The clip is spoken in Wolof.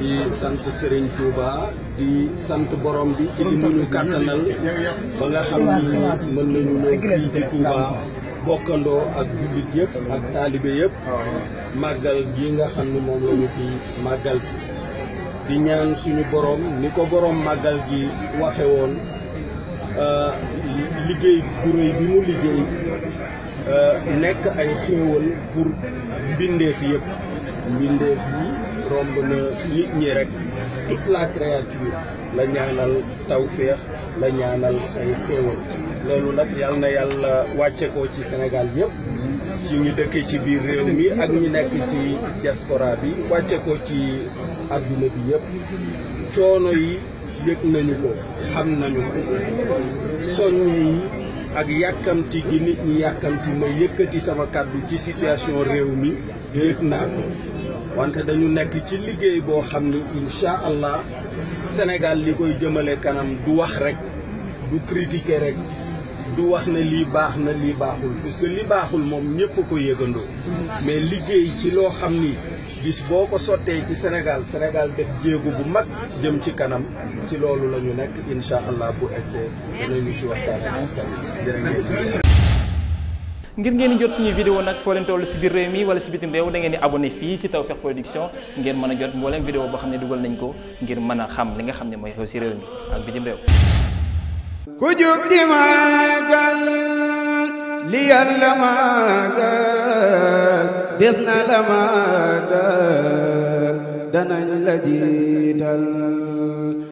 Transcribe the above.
di sant Serigne Touba di sant borom bi ci li mu kàttanal ba nga xam ni mën nañu ñëw fii ci Touba bokkandoo ak jullit yëpp ak taalibe yëpp màggal yi nga xam ne moom la ñu fi màggal si di ñaan suñu borom ni ko borom màggal gi waxewoon euh, liggéey bu bi mu liggéey Euh, nekk ay xéewal pour mbindeef yëpp mbindeef yi romb na nit ñi rek toute la créature la ñaanal tawféex la ñaanal ay xéewal loolu nag yal na yàlla wàcce ko ci senegal yëpp ci ñu dëkkee ci biir réew mi ak ñu nekk ci diaspora bi wàcce ko ci adduna bi yëpp coono yi yëg nañu ko xam nañu ko soññe yi ak yàkkamti gi nit ñi yàkkamti ma yëkkati sama kàddu ci situation réew mi yëg naa ko wante dañu nekk ci liggéey boo xam ni incha allah Sénégal li koy jëmale kanam du wax rek du critiquer rek du wax na lii baax na lii baaxul puisque li baaxul moom ñëpp ko yëgandoo mais liggéey ci loo xam ni bis boo ko sottee ci Sénégal Sénégal def jéego bu mag jëm ci kanam ci loolu la ñu nekk incha allah bu egsee dinañu ci waxtaan ak ngir ngeen di jot suñuy vidéo nag foo leen toll si biir réew mi wala si bitim réew da ngeen di abonné fii si Tawfekh Production ngeen mën a jot mboolem vidéo boo xam ne dugal nañ ko ngir mën a xam li nga xam ne mooy xew si réew mi ak bitim réew. ku jub di maagal li yàlla maagal des na la màggal danañ la jiital